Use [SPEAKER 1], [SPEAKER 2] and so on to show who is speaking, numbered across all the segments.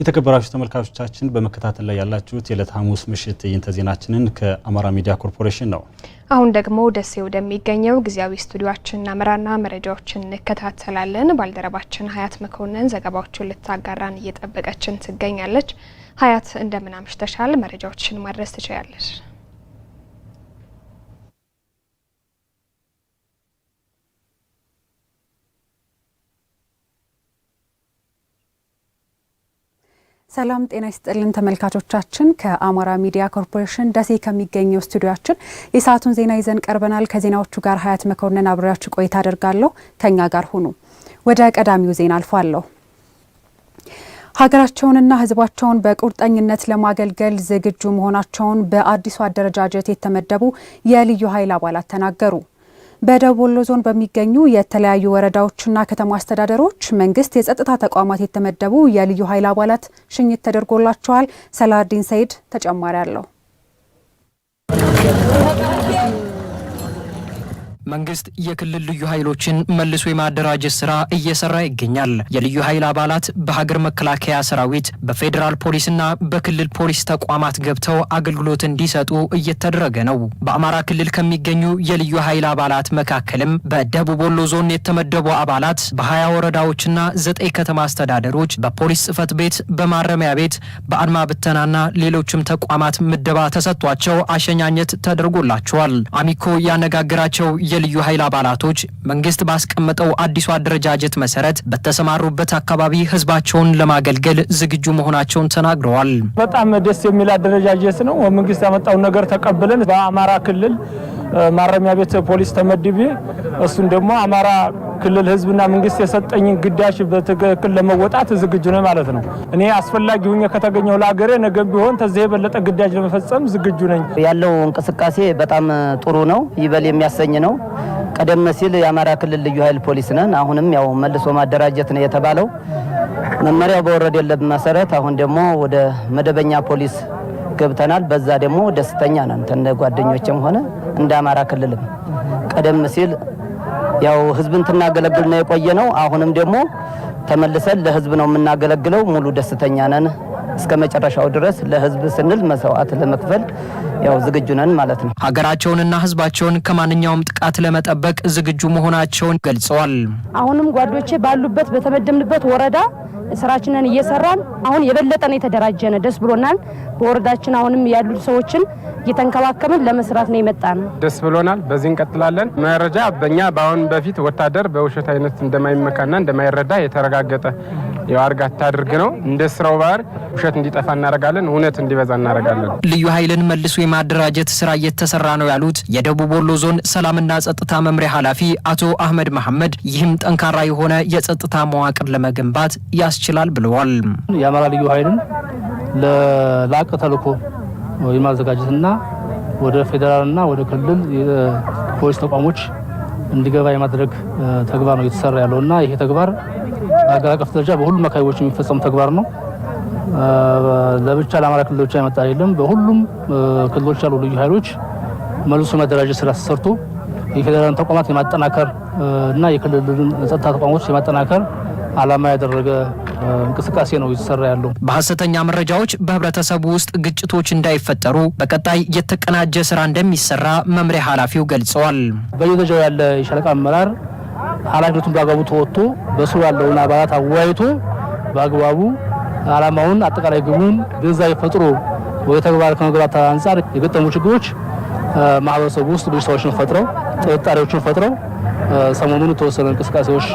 [SPEAKER 1] የተከበራችሁ ተመልካቾቻችን በመከታተል ላይ ያላችሁት የዕለት ሐሙስ ምሽት ትዕይንተ ዜናችንን ከአማራ ሚዲያ ኮርፖሬሽን ነው።
[SPEAKER 2] አሁን ደግሞ ደሴ ወደሚገኘው ጊዜያዊ ስቱዲዮችን እናመራና መረጃዎችን እንከታተላለን። ባልደረባችን ሀያት መኮንን ዘገባዎቹን ልታጋራን እየጠበቀችን ትገኛለች። ሀያት እንደምን አምሽተሻል? መረጃዎችን ማድረስ ትችላለች።
[SPEAKER 3] ሰላም ጤና ይስጥልን ተመልካቾቻችን፣ ከአማራ ሚዲያ ኮርፖሬሽን ደሴ ከሚገኘው ስቱዲዮችን የሰዓቱን ዜና ይዘን ቀርበናል። ከዜናዎቹ ጋር ሀያት መኮንን አብሬያችሁ ቆይታ አደርጋለሁ። ከኛ ጋር ሁኑ። ወደ ቀዳሚው ዜና አልፋለሁ። ሀገራቸውንና ሕዝባቸውን በቁርጠኝነት ለማገልገል ዝግጁ መሆናቸውን በአዲሱ አደረጃጀት የተመደቡ የልዩ ኃይል አባላት ተናገሩ። በደቡብ ወሎ ዞን በሚገኙ የተለያዩ ወረዳዎችና ከተማ አስተዳደሮች መንግስት የጸጥታ ተቋማት የተመደቡ የልዩ ኃይል አባላት ሽኝት ተደርጎላቸዋል። ሰላርዲን ሰይድ ተጨማሪ አለው።
[SPEAKER 4] መንግስት የክልል ልዩ ኃይሎችን መልሶ የማደራጀት ስራ እየሰራ ይገኛል። የልዩ ኃይል አባላት በሀገር መከላከያ ሰራዊት፣ በፌዴራል ፖሊስና በክልል ፖሊስ ተቋማት ገብተው አገልግሎት እንዲሰጡ እየተደረገ ነው። በአማራ ክልል ከሚገኙ የልዩ ኃይል አባላት መካከልም በደቡብ ወሎ ዞን የተመደቡ አባላት በሀያ ወረዳዎችና ዘጠኝ ከተማ አስተዳደሮች በፖሊስ ጽህፈት ቤት፣ በማረሚያ ቤት፣ በአድማ ብተናና ሌሎችም ተቋማት ምደባ ተሰጥቷቸው አሸኛኘት ተደርጎላቸዋል። አሚኮ ያነጋግራቸው የልዩ ኃይል አባላቶች መንግስት ባስቀመጠው አዲሱ አደረጃጀት መሰረት በተሰማሩበት አካባቢ ህዝባቸውን ለማገልገል ዝግጁ መሆናቸውን ተናግረዋል።
[SPEAKER 5] በጣም ደስ የሚል አደረጃጀት ነው። መንግስት ያመጣውን ነገር ተቀብለን በአማራ ክልል ማረሚያ ቤት ፖሊስ ተመድቤ እሱን ደግሞ አማራ ክልል ህዝብና መንግስት የሰጠኝን ግዳጅ በትክክል ለመወጣት ዝግጁ ነኝ ማለት ነው። እኔ አስፈላጊ ሁኜ ከተገኘው ለሀገሬ ነገ ቢሆን ተዚህ የበለጠ ግዳጅ ለመፈጸም ዝግጁ ነኝ።
[SPEAKER 6] ያለው እንቅስቃሴ በጣም ጥሩ ነው፣ ይበል የሚያሰኝ ነው። ቀደም ሲል የአማራ ክልል ልዩ ኃይል ፖሊስ ነን፣ አሁንም ያው መልሶ ማደራጀት ነው የተባለው። መመሪያው በወረደለት መሰረት አሁን ደግሞ ወደ መደበኛ ፖሊስ ገብተናል። በዛ ደግሞ ደስተኛ ነን፣ እንደ ጓደኞችም ሆነ እንደ አማራ ክልልም ቀደም ሲል ያው ህዝብን ትናገለግል ነው የቆየ ነው። አሁንም ደግሞ ተመልሰን ለህዝብ ነው የምናገለግለው። ሙሉ ደስተኛ ነን። እስከ መጨረሻው ድረስ ለህዝብ ስንል መስዋዕት ለመክፈል ያው ዝግጁ ነን ማለት ነው።
[SPEAKER 4] ሀገራቸውንና ህዝባቸውን ከማንኛውም ጥቃት ለመጠበቅ ዝግጁ መሆናቸውን ገልጸዋል።
[SPEAKER 7] አሁንም ጓዶቼ ባሉበት በተመደምንበት ወረዳ ስራችንን እየሰራን አሁን የበለጠ ነው ደስ ብሎናል። በወረዳችን አሁንም ያሉ ሰዎችን እየተንከባከብን ለመስራት ነው የመጣ ነው።
[SPEAKER 8] ደስ ብሎናል። በዚህ እንቀጥላለን። መረጃ በእኛ በአሁን በፊት ወታደር በውሸት አይነት እንደማይመካና እንደማይረዳ የተረጋገጠ የዋርጋ ታድርግ ነው። እንደ ስራው ባህር ውሸት እንዲጠፋ እናደርጋለን፣ እውነት እንዲበዛ እናደርጋለን።
[SPEAKER 4] ልዩ ኃይልን መልሶ የማደራጀት ስራ እየተሰራ ነው ያሉት የደቡብ ወሎ ዞን ሰላምና ጸጥታ መምሪያ ኃላፊ አቶ አህመድ መሐመድ፣ ይህም ጠንካራ የሆነ የጸጥታ መዋቅር ለመገንባት ያስችላል ብለዋል።
[SPEAKER 9] የአማራ ልዩ ኃይልን ለላቀ ተልዕኮ የማዘጋጀትና ወደ ፌዴራልና ወደ ክልል ፖሊስ ተቋሞች እንዲገባ የማድረግ ተግባር ነው እየተሰራ ያለውና ይሄ ተግባር በሀገር አቀፍ ደረጃ በሁሉም አካባቢዎች የሚፈጸም ተግባር ነው። ለብቻ ለአማራ ክልል ብቻ የመጣ አይደለም። በሁሉም ክልሎች ያሉ ልዩ ኃይሎች መልሶ መደራጀት ስራ ተሰርቶ የፌዴራል ተቋማት የማጠናከር እና የክልልን ጸጥታ ተቋሞች የማጠናከር ዓላማ ያደረገ እንቅስቃሴ ነው እየተሰራ ያለው።
[SPEAKER 4] በሀሰተኛ መረጃዎች በህብረተሰቡ ውስጥ ግጭቶች እንዳይፈጠሩ በቀጣይ የተቀናጀ ስራ እንደሚሰራ መምሪያ ኃላፊው ገልጸዋል።
[SPEAKER 9] በየደረጃው ያለ የሻለቃ አመራር ኃላፊነቱን በአግባቡ ተወጥቶ በስሩ ያለውን አባላት አወያይቶ በአግባቡ አላማውን አጠቃላይ ግቡን ግንዛቤ ፈጥሮ ወደ ተግባር ከመግባት አንጻር የገጠሙ ችግሮች ማህበረሰቡ ውስጥ ብሽታዎችን ፈጥረው ጥርጣሬዎችን ፈጥረው ሰሞኑን የተወሰነ እንቅስቃሴዎች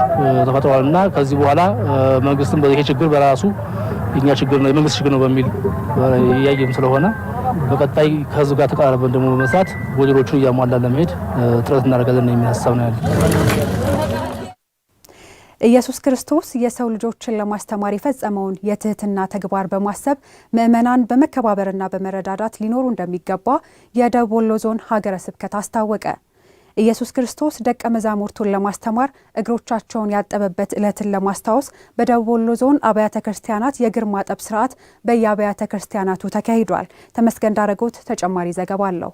[SPEAKER 9] ተፈጥረዋልና ከዚህ በኋላ መንግስትም ይሄ ችግር በራሱ የኛ ችግር ነው የመንግስት ችግር ነው በሚል እያየም ስለሆነ በቀጣይ ከህዝብ ጋር ተቀራርበን ደግሞ በመስራት ጎደሎቹን እያሟላ ለመሄድ ጥረት እናደርጋለን የሚል ሀሳብ ነው ያለ።
[SPEAKER 3] ኢየሱስ ክርስቶስ የሰው ልጆችን ለማስተማር የፈጸመውን የትህትና ተግባር በማሰብ ምዕመናን በመከባበርና በመረዳዳት ሊኖሩ እንደሚገባ የደቡብ ወሎ ዞን ሀገረ ስብከት አስታወቀ። ኢየሱስ ክርስቶስ ደቀ መዛሙርቱን ለማስተማር እግሮቻቸውን ያጠበበት ዕለትን ለማስታወስ በደቡብ ወሎ ዞን አብያተ ክርስቲያናት የእግር ማጠብ ስርዓት በየአብያተ ክርስቲያናቱ ተካሂዷል። ተመስገን ዳረጎት ተጨማሪ ዘገባ አለው።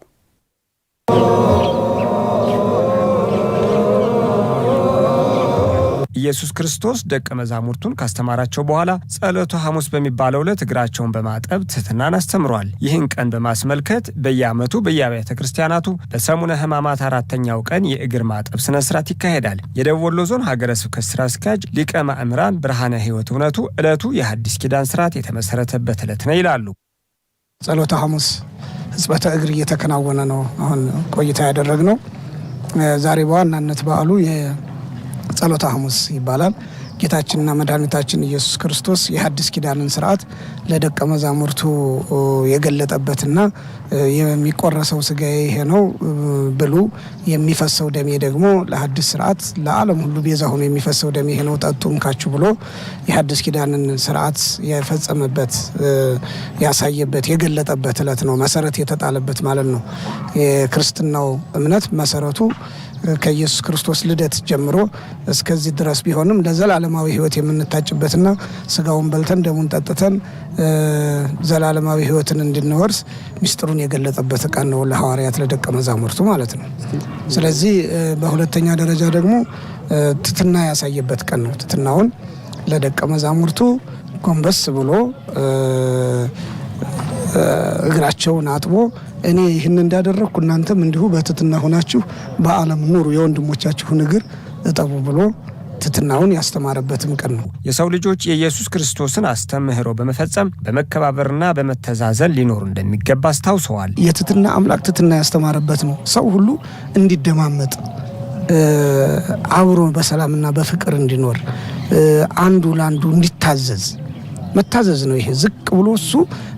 [SPEAKER 4] ኢየሱስ ክርስቶስ ደቀ መዛሙርቱን ካስተማራቸው በኋላ ጸሎተ ሐሙስ በሚባለው ዕለት እግራቸውን በማጠብ ትህትናን አስተምሯል። ይህን ቀን በማስመልከት በየዓመቱ በየአብያተ ክርስቲያናቱ በሰሙነ ሕማማት አራተኛው ቀን የእግር ማጠብ ስነ ስርዓት ይካሄዳል። የደቡብ ወሎ ዞን ሀገረ ስብከት ስራ አስኪያጅ ሊቀ ማእምራን ብርሃነ ሕይወት እውነቱ ዕለቱ የሐዲስ ኪዳን ስርዓት የተመሰረተበት ዕለት ነው ይላሉ።
[SPEAKER 10] ጸሎተ ሐሙስ ሕጽበተ እግር እየተከናወነ ነው አሁን ቆይታ ያደረግነው ዛሬ በዋናነት በዓሉ ጸሎተ ሐሙስ ይባላል። ጌታችንና መድኃኒታችን ኢየሱስ ክርስቶስ የሐዲስ ኪዳንን ስርዓት ለደቀ መዛሙርቱ የገለጠበትና የሚቆረሰው ስጋዬ ይሄ ነው ብሉ፣ የሚፈሰው ደሜ ደግሞ ለሐዲስ ስርዓት ለዓለም ሁሉ ቤዛ ሆኖ የሚፈሰው ደሜ ይሄ ነው ጠጡም ካችሁ ብሎ የሐዲስ ኪዳንን ስርዓት የፈጸመበት ያሳየበት የገለጠበት እለት ነው። መሰረት የተጣለበት ማለት ነው። የክርስትናው እምነት መሰረቱ ከኢየሱስ ክርስቶስ ልደት ጀምሮ እስከዚህ ድረስ ቢሆንም ለዘላለማዊ ህይወት የምንታጭበትና ስጋውን በልተን ደሙን ጠጥተን ዘላለማዊ ህይወትን እንድንወርስ ሚስጥሩን የገለጠበት ቀን ነው ለሐዋርያት ለደቀ መዛሙርቱ ማለት ነው። ስለዚህ በሁለተኛ ደረጃ ደግሞ ትትና ያሳየበት ቀን ነው። ትትናውን ለደቀ መዛሙርቱ ጎንበስ ብሎ እግራቸውን አጥቦ እኔ ይህን እንዳደረግኩ እናንተም እንዲሁ በትትና ሆናችሁ በዓለም ኑሩ የወንድሞቻችሁን እግር እጠቡ ብሎ ትትናውን ያስተማረበትም ቀን ነው።
[SPEAKER 4] የሰው ልጆች የኢየሱስ ክርስቶስን አስተምህሮ በመፈጸም በመከባበርና በመተዛዘን ሊኖሩ እንደሚገባ አስታውሰዋል።
[SPEAKER 10] የትትና አምላክ ትትና ያስተማረበት ነው። ሰው ሁሉ እንዲደማመጥ አብሮ በሰላምና በፍቅር እንዲኖር አንዱ ለአንዱ እንዲታዘዝ መታዘዝ ነው። ይሄ ዝቅ ብሎ እሱ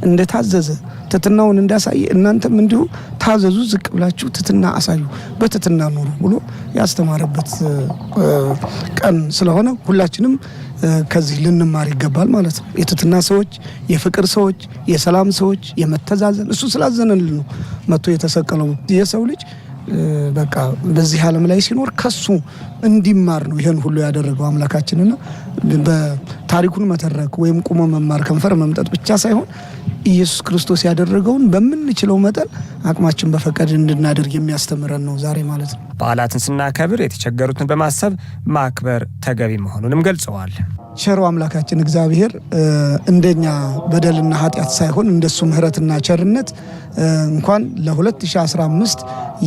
[SPEAKER 10] እንደታዘዘ ትትናውን እንዳሳየ እናንተም እንዲሁ ታዘዙ፣ ዝቅ ብላችሁ ትትና አሳዩ፣ በትትና ኑሩ ብሎ ያስተማረበት ቀን ስለሆነ ሁላችንም ከዚህ ልንማር ይገባል ማለት ነው። የትትና ሰዎች፣ የፍቅር ሰዎች፣ የሰላም ሰዎች፣ የመተዛዘን እሱ ስላዘነልን ነው መጥቶ የተሰቀለው የሰው ልጅ በቃ በዚህ ዓለም ላይ ሲኖር ከሱ እንዲማር ነው ይህን ሁሉ ያደረገው አምላካችንና በታሪኩን መተረክ ወይም ቁሞ መማር ከንፈር መምጠጥ ብቻ ሳይሆን ኢየሱስ ክርስቶስ ያደረገውን በምንችለው መጠን አቅማችን በፈቀድ እንድናደርግ የሚያስተምረን ነው ዛሬ ማለት ነው።
[SPEAKER 4] በዓላትን ስናከብር የተቸገሩትን በማሰብ ማክበር ተገቢ መሆኑንም ገልጸዋል።
[SPEAKER 10] ቸሩ አምላካችን እግዚአብሔር እንደኛ በደልና ኃጢአት ሳይሆን እንደሱ ምሕረትና ቸርነት እንኳን ለ2015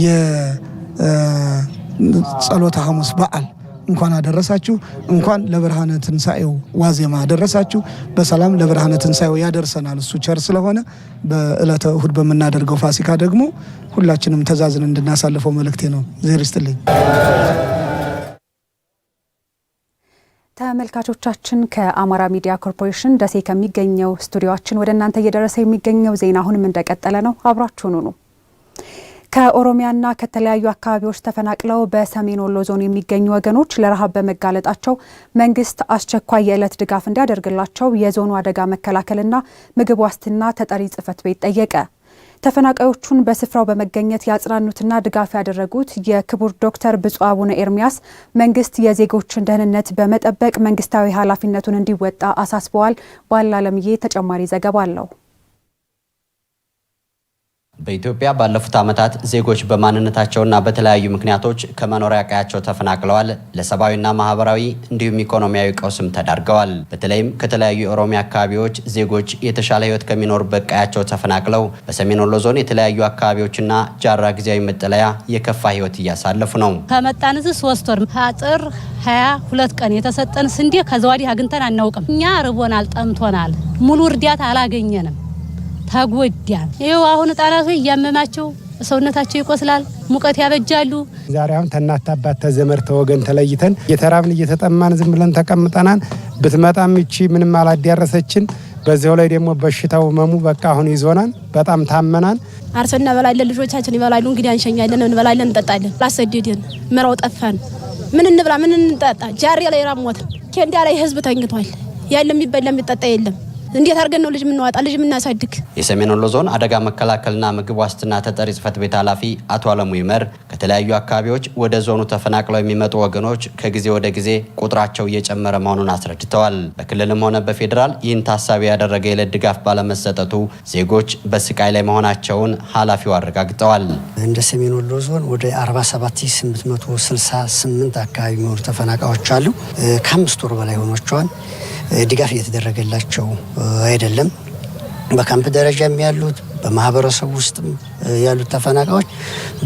[SPEAKER 10] የጸሎተ ሐሙስ በዓል እንኳን አደረሳችሁ፣ እንኳን ለብርሃነ ትንሣኤው ዋዜማ አደረሳችሁ። በሰላም ለብርሃነ ትንሣኤው ያደርሰናል እሱ ቸር ስለሆነ። በዕለተ እሁድ በምናደርገው ፋሲካ ደግሞ ሁላችንም ተዛዝን እንድናሳልፈው መልእክቴ ነው። ዜር ይስጥልኝ።
[SPEAKER 3] ተመልካቾቻችን ከአማራ ሚዲያ ኮርፖሬሽን ደሴ ከሚገኘው ስቱዲዮችን ወደ እናንተ እየደረሰ የሚገኘው ዜና አሁንም እንደቀጠለ ነው። አብራችሁን ሁኑ። ከኦሮሚያና ከተለያዩ አካባቢዎች ተፈናቅለው በሰሜን ወሎ ዞን የሚገኙ ወገኖች ለረሃብ በመጋለጣቸው መንግስት አስቸኳይ የዕለት ድጋፍ እንዲያደርግላቸው የዞኑ አደጋ መከላከልና ምግብ ዋስትና ተጠሪ ጽፈት ቤት ጠየቀ። ተፈናቃዮቹን በስፍራው በመገኘት ያጽናኑትና ድጋፍ ያደረጉት የክቡር ዶክተር ብፁዕ አቡነ ኤርሚያስ መንግስት የዜጎችን ደህንነት በመጠበቅ መንግስታዊ ኃላፊነቱን እንዲወጣ አሳስበዋል። ባላለምዬ ተጨማሪ ዘገባ አለው።
[SPEAKER 11] በኢትዮጵያ ባለፉት ዓመታት ዜጎች በማንነታቸውና በተለያዩ ምክንያቶች ከመኖሪያ ቀያቸው ተፈናቅለዋል። ለሰብአዊና ማህበራዊ እንዲሁም ኢኮኖሚያዊ ቀውስም ተዳርገዋል። በተለይም ከተለያዩ የኦሮሚያ አካባቢዎች ዜጎች የተሻለ ህይወት ከሚኖሩበት ቀያቸው ተፈናቅለው በሰሜን ወሎ ዞን የተለያዩ አካባቢዎችና ጃራ ጊዜያዊ መጠለያ የከፋ ህይወት እያሳለፉ ነው።
[SPEAKER 12] ከመጣን እዚህ ሶስት ወር ጥር ሀያ ሁለት ቀን የተሰጠን ስንዴ ከዛ አግንተን አግኝተን አናውቅም። እኛ ርቦናል፣ ጠምቶናል። ሙሉ እርዳታ አላገኘንም። ተጎዳን። ይኸው አሁን ህጻናቱ እያመማቸው ሰውነታቸው ይቆስላል፣ ሙቀት ያበጃሉ።
[SPEAKER 13] ዛሬ አሁን ተናት አባት ተዘመድ ተወገን ተለይተን እየተራብን እየተጠማን ዝም ብለን ተቀምጠናን። ብትመጣም ይቺ ምንም አላዳረሰችን። በዚህ ላይ ደግሞ በሽታው መሙ በቃ አሁን ይዞናል። በጣም ታመናል።
[SPEAKER 14] አርሰን እናበላለን፣ ልጆቻችን ይበላሉ። እንግዲህ አንሸኛለን፣ እንበላለን፣ እንጠጣለን። ላሰደድን ምራው ጠፋን። ምን እንብላ? ምን እንጠጣ? ጃሬ ላይ ራሞት ኬንዳ ላይ ህዝብ ተኝቷል። ያለ የሚበላ የሚጠጣ የለም። እንዴት አድርገን ነው ልጅ የምናወጣ ልጅ የምናሳድግ?
[SPEAKER 11] የሰሜን ወሎ ዞን አደጋ መከላከልና ምግብ ዋስትና ተጠሪ ጽህፈት ቤት ኃላፊ አቶ አለሙ ይመር ከተለያዩ አካባቢዎች ወደ ዞኑ ተፈናቅለው የሚመጡ ወገኖች ከጊዜ ወደ ጊዜ ቁጥራቸው እየጨመረ መሆኑን አስረድተዋል። በክልልም ሆነ በፌዴራል ይህን ታሳቢ ያደረገ የዕለት ድጋፍ ባለመሰጠቱ ዜጎች በስቃይ ላይ መሆናቸውን ኃላፊው አረጋግጠዋል።
[SPEAKER 15] እንደ ሰሜን ወሎ ዞን ወደ 47868 አካባቢ የሚሆኑ ተፈናቃዮች አሉ። ከአምስት ወር በላይ ሆኖቸዋል። ድጋፍ እየተደረገላቸው አይደለም። በካምፕ ደረጃም ያሉት በማህበረሰብ ውስጥም ያሉት ተፈናቃዮች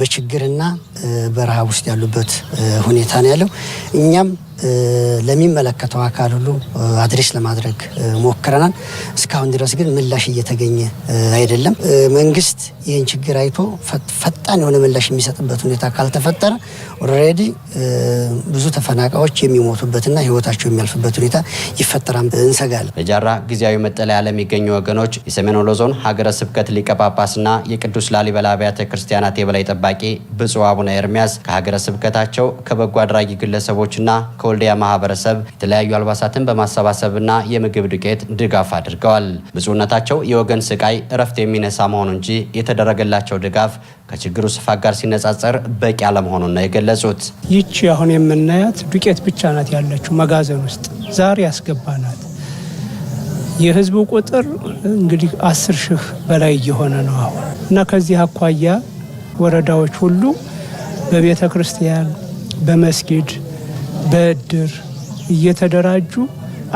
[SPEAKER 15] በችግርና በረሃብ ውስጥ ያሉበት ሁኔታ ነው ያለው። እኛም ለሚመለከተው አካል ሁሉ አድሬስ ለማድረግ ሞክረናል። እስካሁን ድረስ ግን ምላሽ እየተገኘ አይደለም። መንግስት ይህን ችግር አይቶ ፈጣን የሆነ ምላሽ የሚሰጥበት ሁኔታ ካልተፈጠረ ኦልሬዲ ብዙ ተፈናቃዮች የሚሞቱበትና ህይወታቸው የሚያልፍበት ሁኔታ ይፈጠራል እንሰጋለን።
[SPEAKER 11] በጃራ ጊዜያዊ መጠለያ ለሚገኙ ወገኖች የሰሜን ወሎ ዞን ሀገረ ስብከት ሊቀ ጳጳስና የቅዱስ ላሊ የላሊበላ አብያተ ክርስቲያናት የበላይ ጠባቂ ብፁዕ አቡነ ኤርሚያስ ከሀገረ ስብከታቸው ከበጎ አድራጊ ግለሰቦችና ከወልዲያ ማህበረሰብ የተለያዩ አልባሳትን በማሰባሰብና የምግብ ዱቄት ድጋፍ አድርገዋል። ብፁዕነታቸው የወገን ስቃይ እረፍት የሚነሳ መሆኑ እንጂ የተደረገላቸው ድጋፍ ከችግሩ ስፋት ጋር ሲነጻጸር በቂ አለመሆኑን ነው የገለጹት።
[SPEAKER 10] ይቺ አሁን የምናያት ዱቄት ብቻ ናት ያለችው መጋዘን ውስጥ ዛሬ ያስገባናል። የህዝቡ ቁጥር እንግዲህ አስር ሺህ በላይ እየሆነ ነው አሁን እና ከዚህ አኳያ ወረዳዎች ሁሉ በቤተ ክርስቲያን፣ በመስጊድ፣ በእድር እየተደራጁ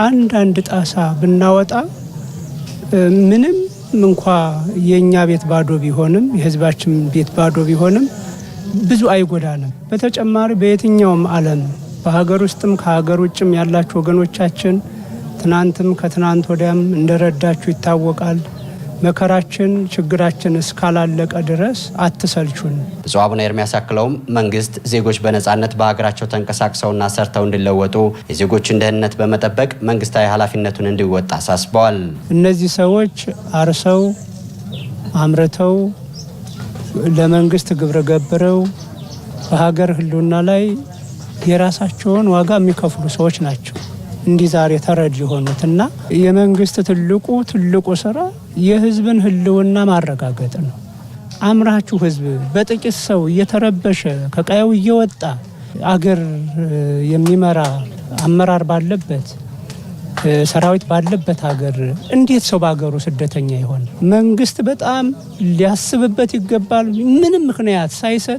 [SPEAKER 10] አንዳንድ ጣሳ ብናወጣ ምንም እንኳ የእኛ ቤት ባዶ ቢሆንም የህዝባችን ቤት ባዶ ቢሆንም ብዙ አይጎዳንም። በተጨማሪ በየትኛውም ዓለም በሀገር ውስጥም ከሀገር ውጭም ያላቸው ወገኖቻችን ትናንትም ከትናንት ወዲያም እንደረዳችሁ ይታወቃል። መከራችን ችግራችን እስካላለቀ ድረስ አትሰልቹን።
[SPEAKER 11] ብፁዕ አቡነ ኤርሚያስ አክለውም መንግስት ዜጎች በነፃነት በሀገራቸው ተንቀሳቅሰውና ሰርተው እንዲለወጡ የዜጎችን ደህንነት በመጠበቅ መንግስታዊ ኃላፊነቱን እንዲወጣ አሳስበዋል።
[SPEAKER 10] እነዚህ ሰዎች አርሰው አምርተው ለመንግስት ግብረ ገብረው በሀገር ህልውና ላይ የራሳቸውን ዋጋ የሚከፍሉ ሰዎች ናቸው። እንዲህ ዛሬ ተረጅ የሆኑትና የመንግስት ትልቁ ትልቁ ስራ የህዝብን ህልውና ማረጋገጥ ነው። አምራችሁ ህዝብ በጥቂት ሰው እየተረበሸ ከቀየው እየወጣ አገር የሚመራ አመራር ባለበት ሰራዊት ባለበት ሀገር እንዴት ሰው በሀገሩ ስደተኛ ይሆን? መንግስት በጣም ሊያስብበት ይገባል። ምንም ምክንያት ሳይሰጥ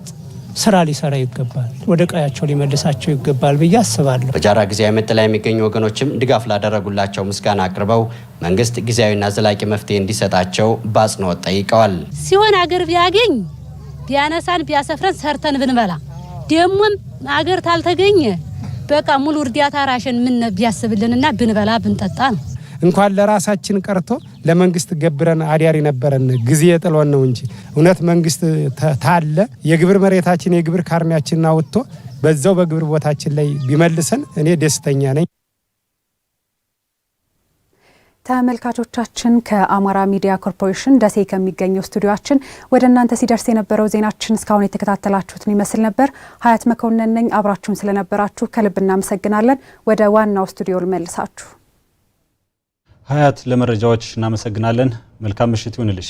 [SPEAKER 10] ስራ ሊሰራ ይገባል፣ ወደ ቀያቸው ሊመልሳቸው ይገባል ብዬ አስባለሁ።
[SPEAKER 11] በጃራ ጊዜያዊ መጠለያ የሚገኙ ወገኖችም ድጋፍ ላደረጉላቸው ምስጋና አቅርበው መንግስት ጊዜያዊና ዘላቂ መፍትሄ እንዲሰጣቸው በአጽንኦት ጠይቀዋል።
[SPEAKER 12] ሲሆን አገር ቢያገኝ ቢያነሳን ቢያሰፍረን ሰርተን ብንበላ ደግሞም አገር ታልተገኘ በቃ ሙሉ እርዳታ ራሽን ምን ቢያስብልንና ብንበላ ብንጠጣ ነው
[SPEAKER 13] እንኳን ለራሳችን ቀርቶ ለመንግስት ገብረን አዲያር የነበረን ጊዜ ጥሎን ነው እንጂ እውነት መንግስት ታለ የግብር መሬታችን የግብር ካርሚያችን አውጥቶ በዛው በግብር ቦታችን ላይ ቢመልሰን እኔ ደስተኛ ነኝ።
[SPEAKER 3] ተመልካቾቻችን ከአማራ ሚዲያ ኮርፖሬሽን ደሴ ከሚገኘው ስቱዲዮችን ወደ እናንተ ሲደርስ የነበረው ዜናችን እስካሁን የተከታተላችሁትን ይመስል ነበር። ሀያት መኮንን ነኝ። አብራችሁን ስለነበራችሁ ከልብ እናመሰግናለን። ወደ ዋናው ስቱዲዮ ልመልሳችሁ።
[SPEAKER 1] ሀያት ለመረጃዎች እናመሰግናለን። መልካም ምሽት ይሁንልሽ።